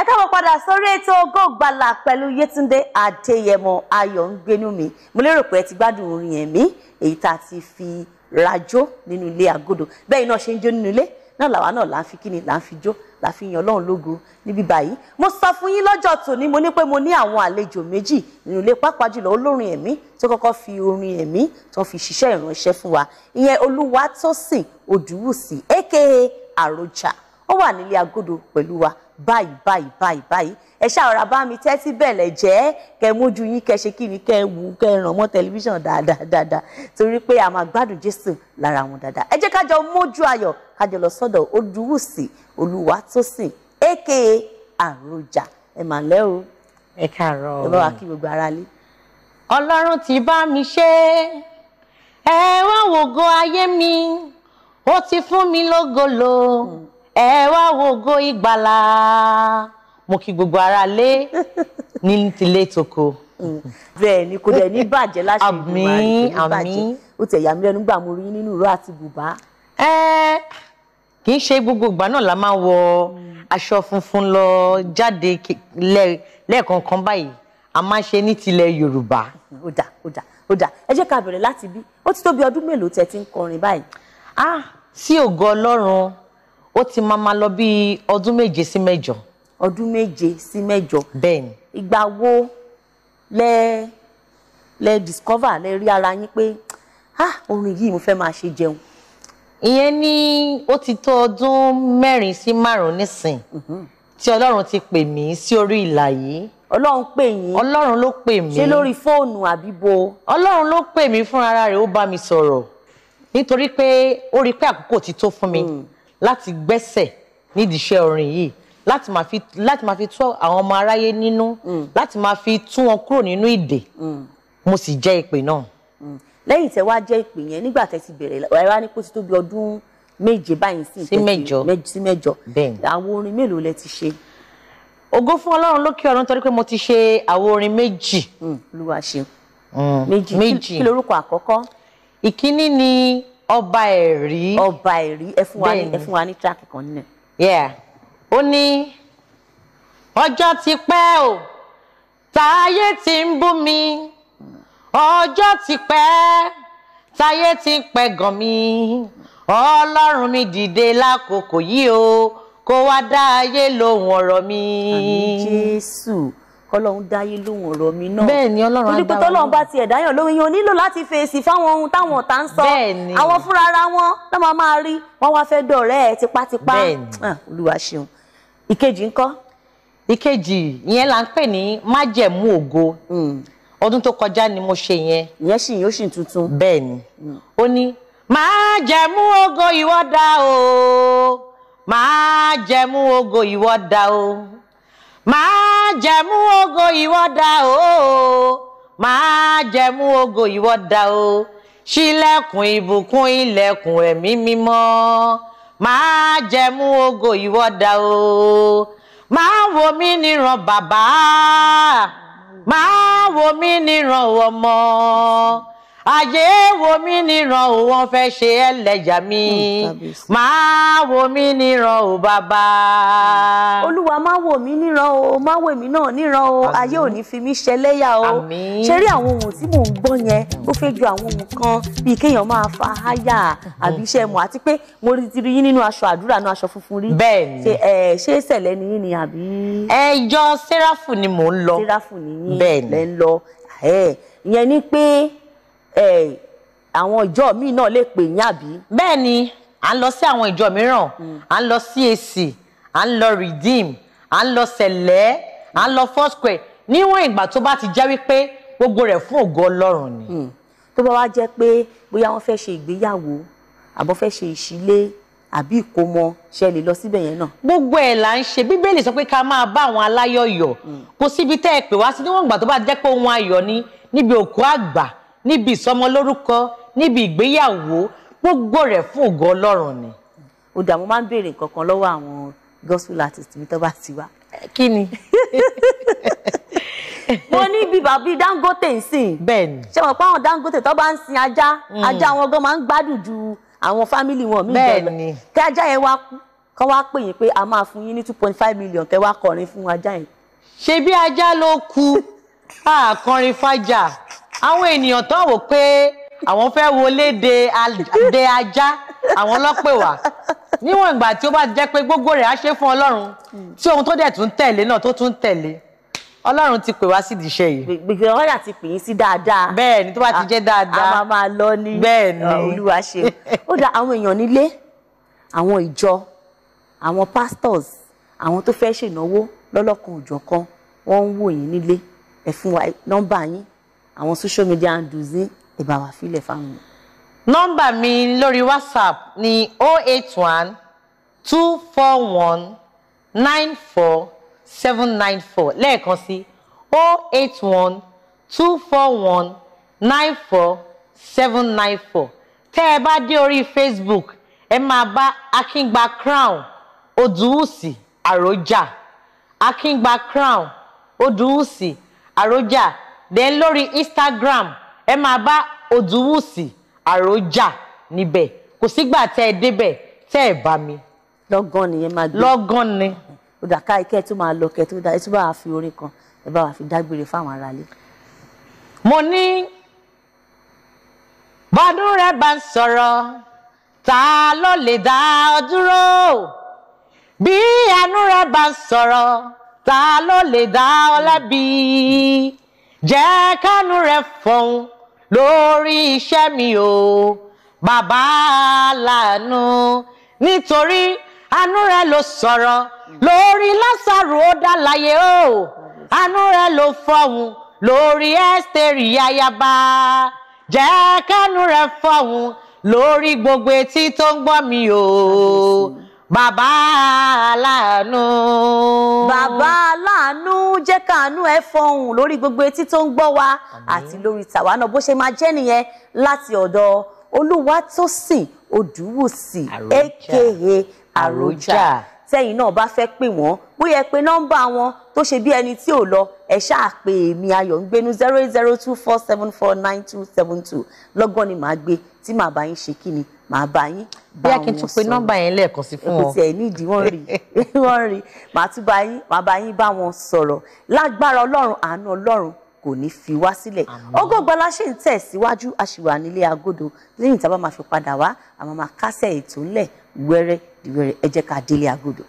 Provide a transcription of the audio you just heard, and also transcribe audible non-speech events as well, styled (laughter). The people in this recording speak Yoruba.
ẹ káàbọ̀ padà sórí ètò Ògo Ìgbàlà pẹ̀lú Yétúndé Adéyẹmọ Ayọ̀ǹgbénúmi mo lérò pé ẹ ti gbádùn orin ẹ̀mí èyí tá a ti fi rajó nínú ilé àgọ́dọ̀ bẹ́ẹ̀ iná ṣe ń jó nínú ilé náà làwa náà là ń fi kíni là ń fi jó là ń fi yan Ọlọ́run lógo níbí báyìí mo sọ fún yín lọ́jọ́ tòní mo ní pé mo ní àwọn àlejò méjì nínú ilé pàápàá jùlọ olórin ẹ̀mí tó kọ́kọ́ fi orin ẹ̀mí tó fi ṣiṣẹ́ ìránṣẹ́ fún wa ìyẹn Olúwatósìn Òdùwùsì aka Àròjà ó wà nílé agodo pẹ̀lú wa báyìí báyìí báyìí báyìí ẹ ṣàrọ̀ra bá mi tẹ́tí bẹ̀lẹ̀ jẹ́ kẹ́ mójú yín kẹ́ ṣe kíni kẹ́ wù kẹ́ ràn mọ́ tẹlifíṣàn dáadáa dáadáa torí pé a máa gbádùn jésù lára wọn dáadáa ẹ jẹ́ kájọ mójú ayọ̀ kájọ lọ sọ́dọ̀ Odùwùsì Olúwatósìn aka Àròjà ẹ mà lẹ́ o ẹ káàárọ̀ ẹ bá wa kí gbogbo ara lé. ọlọ́run ti bá mi ṣe ẹ wá wògo ayé mi ó ti fún mi lógo lo. Mm ẹ wá wo ògo ìgbàlà mo kí gbogbo ara lé (laughs) ní tilé toko. Mm. bẹ́ẹ̀ ni kò dẹ̀ ní bàjẹ́ láṣẹ ìgbìmọ̀ (laughs) àti kò ní bàjẹ́ ó tẹ̀ yà mí lẹ́nu gbà mo rí nínú ìró àti bùbá. ẹ kì í ṣe gbogbo ìgbà náà la máa wọ mm. aṣọ funfun lọ jáde lẹ́ẹ̀kọ̀ọ̀kan báyìí a máa ṣe ní tilẹ̀ Yorùbá. ó dà ó dà ó dà ẹ jẹ́ ká bẹ̀rẹ̀ láti bí ó ti tó bí ọdún mélòó tẹ́ ti ń kọrin báyìí. ah sí ògo Ọlọ́run ó ti máa ma lọ bí ọdún méje sí mẹ́jọ. ọdún méje sí mẹ́jọ. bẹ́ẹ̀ni. ìgbà wo lẹ lẹ discover lẹ rí ara yín pé ah orin yìí mo fẹ́ máa ṣe jẹun. ìyẹn ní ó ti tó ọdún mẹ́rin sí márùn-ún nísìn mhm. tí ọlọ́run ti pè mí sí orí ìlà yìí. Ọlọ́run pè yín Ọlọ́run ló pè mí ṣé lórí fóònù àbíbo Ọlọ́run ló pè mí fúnra rẹ̀ ó bá mi sọ̀rọ̀ nítorí pé ó rí pé àkókò ti tó fún mi. Mm láti gbẹ́sẹ̀ nídìí iṣẹ́ orin yìí láti máa fi láti máa fi tú àwọn ọmọ aráyé nínú mm. láti máa fi tú wọn kúrò nínú ìdè mm. mo sì jẹ́ ìpè náà. Mm. lẹ́yìn tẹ́ wá jẹ́ ìpè yẹn nígbà tẹ́ ti bẹ̀rẹ̀ ẹ wá ní kó ti tó bí ọdún méje báyìí sí ìtẹ́sí sí mẹ́jọ bẹ́ẹ̀ àwọn orin mélòó lẹ ti ṣe. ògo fún ọlọ́run lókè ọ̀run torí pé mo ti ṣe àwọn orin méjì. olúwa ṣe méjì kí lorúkọ àkọ́kọ́. ìkíní ni ọba ẹ̀rí ọba ẹ̀rí ẹ fún wa ní ẹ fún wa ní track kan nínú ẹ̀. ó ní ọjọ́ ti pẹ́ o táyé ti ń bú mi ọjọ́ ti pẹ́ táyé ti ń pẹ̀gàn mi ọlọ́run mi dìde lákòókò yìí o kó wá dá ayé lóhùn ọ̀rọ̀ mi. àmín jésù kọ́lọ́run dáyé lóhùn ọ̀rọ̀ mi náà bẹ́ẹ̀ ni Ọlọ́run adáwọn torí pé bá tiẹ̀ dáyàn lóhùn yẹn nílò láti fèsì fáwọn ohun táwọn ọ̀tá ń sọ àwọn fúnra ara wọn náà máa máa rí wọn wá fẹ́ dọ̀rẹ́ ẹ tipátipá ah, Olúwa ṣeun ìkejì ńkọ́. ìkejì ìyẹn là ń pè ní májẹ̀mú ògo hmm. ọdún tó kọjá ni mo ṣe yẹn. ìyẹn sì yóò sì tuntun. bẹ́ẹ̀ ni hmm. ó ní májẹ̀mú ògo ìwọ dá o májẹ̀mú ògo ìwọ dá o máa jẹ̀mú ògo ìwọ dá o máa jẹ̀mú ògo ìwọ dá o ṣílẹ̀kùn ìbùkún ilẹ̀kùn ẹ̀mí mímọ́ máa jẹ̀mú ògo ìwọ dá o máa wò mí níran bàbá máa wò mí níran ọmọ àjẹ́ wo mí níran o wọ́n fẹ́ ṣe ẹlẹ́jà mi hmm, máa wo mí níran o bàbá. Hmm. olúwa máa wo mí níran o máa wò mí náà níran o ayé ò ní fi mí ṣẹlẹ́yà o ṣe rí àwọn ohun tí mò ń gbọ́ yẹn ó fẹ́ ju àwọn ohun kan bíi kéèyàn máa fa háyà àbí iṣẹ́ mọ̀ àti pé mo rí ti rí yín nínú aṣọ àdúrà nínú aṣọ funfun rí bẹ́ẹ̀ni ṣé ìṣẹ̀lẹ̀ ni yín ni àbí. ẹjọ́ sẹ́ráfù ni mò ń lọ sẹ́ráfù ni yín lẹ́ ń lọ ìyẹn ni pé àwọn ìjọ míì náà lè pè yín àbí. bẹ́ẹ̀ ni à ń lọ sí àwọn ìjọ mìíràn hmm. à ń lọ CAC à ń lọ Redeem à ń lọ Sẹ̀lẹ́ à ń lọ Foursquare níwọ̀n ìgbà tó bá ti jẹ́ wípé gbogbo rẹ̀ fún ògo Ọlọ́run ni. Hmm. tó bá wá jẹ́ pé bóyá wọ́n fẹ́ ṣe ìgbéyàwó àbọ̀ fẹ́ ṣe ìṣílé àbí ìkómọ ṣe lè lọ síbẹ̀ yẹn náà. gbogbo ẹ̀ là ń ṣe bíbélì sọ pé ká máa bá àwọn aláyọ̀ yọ̀ hmm. kò síbi tẹ́ ẹ pè wá sí níwọ̀n ìgbà tó bá jẹ́ pé ohun ayọ̀ ni níbi òkú àgbà níbi ìsọmọlórúkọ níbi ìgbéyàwó gbogbo rẹ̀ fún ògo Ọlọ́run ni. ó dà mo máa ń béèrè nǹkan kan àwọn gospel artist mi tó bá ti wá. Eh, kí ni. mo (laughs) ní bíbá bíi Dangote ń sìn. bẹ́ẹ̀ni. ṣé wọn pa àwọn Dangote tó bá ń sin ajá hmm. ajá wọn gan máa ń gbádùn ju àwọn fámìlì wọn mí jọ kí ajá yẹn wá kú wá pè yín pé a máa fún yín ní two point five million kẹ́ wá kọrin fún ajá yẹn. ṣebí ajá ló kú (laughs) a fájà àwọn ènìyàn tán wò pé àwọn fẹ́ wọlé de ajá àwọn lọ́pẹ̀ wá níwọ̀n ìgbà tí ó bá jẹ́ pé gbogbo rẹ̀ á ṣe fún ọlọ́run tí ohun tó dẹ̀ tún tẹ̀lé náà tó tún tẹ̀lé ọlọ́run ti pè wá sídìí iṣẹ́ yìí. gbègbè ọ̀rẹ́ àti pè yín sí dáadáa. bẹ́ẹ̀ tó bá ti jẹ́ dáadáa. a máa máa lọ ní olúwa ṣe. ó dá àwọn èèyàn nílé àwọn ìjọ àwọn pastors àwọn tó fẹ́ ṣènáwó lọ́lọ́kan òjọ̀kan wọ́n ń wò yín nílé ẹ wa nọ́mbà yín àwọn social media handles ní ẹ bá wa filẹ̀ fáwọn. nọ́mbà mi lórí whatsapp ni 081 241 94794 lẹ́ẹ̀kan sí 081 241 94794 tẹ́ ẹ bá dé orí facebook ẹ máa bá akíngba crown odùwùsì àròjà akíngba crown odùwùsì àròjà then lórí Instagram ẹ máa bá Odùwùsì Àròjà níbẹ̀ kò sígbà tẹ́ ẹ débẹ̀ tẹ́ ẹ bá mi. lọ́gán ni ẹ máa gbé lọ́gán ni. ó dà ká ikẹ́ tó máa lọ kẹ́ tó dá ẹ tó bá wa fi orin kan ẹ bá wa fi dágbére fáwọn aráalé. mo ní bọ́dún rẹ̀ bá ń sọ̀rọ̀ ta ló lè dá ọ dúró bí àánú rẹ̀ bá ń sọ̀rọ̀ ta ló lè dá ọ lábì jẹ́ kánú rẹ̀ fọ̀hún lórí iṣẹ́ mi o bàbá làánú nítorí àánú rẹ̀ ló sọ̀rọ̀ lórí Lásárù ó dá láyé o àánú rẹ̀ ló fọ̀hún lórí Ẹ́sítérì ayaba jẹ́ kánú rẹ̀ fọ̀hún lórí gbogbo etí tó ń gbọ́ mi o bàbá làánú káàánú ẹ fọhùn lórí gbogbo etí tó ń gbọ́ wa àti lórí tàwa náà bó ṣe máa jẹ́ nìyẹn láti ọ̀dọ̀ Olúwatósìn Odùwùsì aka Àròjà tẹ́yìn náà bá fẹ́ pè wọ́n bóyá ẹ pè nọ́mbà wọn tó ṣe bí ẹni tí ò lọ ẹ ṣáà pè mí ayọ̀ ń gbénu zero eight zero two four seven four nine two seven two lọ́gán ni màá gbé tí màá bá yín ṣe kí ni màá bá yín bá wọn sọ bí akin tún pe nọ́mbà yẹn lẹ́ẹ̀kan sí fún wọn kò tiẹ̀ nídìí wọ́n rí (laughs) wọ́n rí màá tún bá yín màá bá yín bá wọn sọ̀rọ̀ lágbára Ọlọ́run àánú Ọlọ́run kò ní fi wá sílẹ̀ Ògo Ìgbàlà ń tẹ̀síwájú àṣìwà nílé agodo lẹ́yìn tá a bá máa fi padà wá àmọ́ máa kásẹ̀ ètò ńlẹ̀ wẹ́rẹ́ ìwẹ́rẹ́ ẹ jẹ́ ká délé agodo.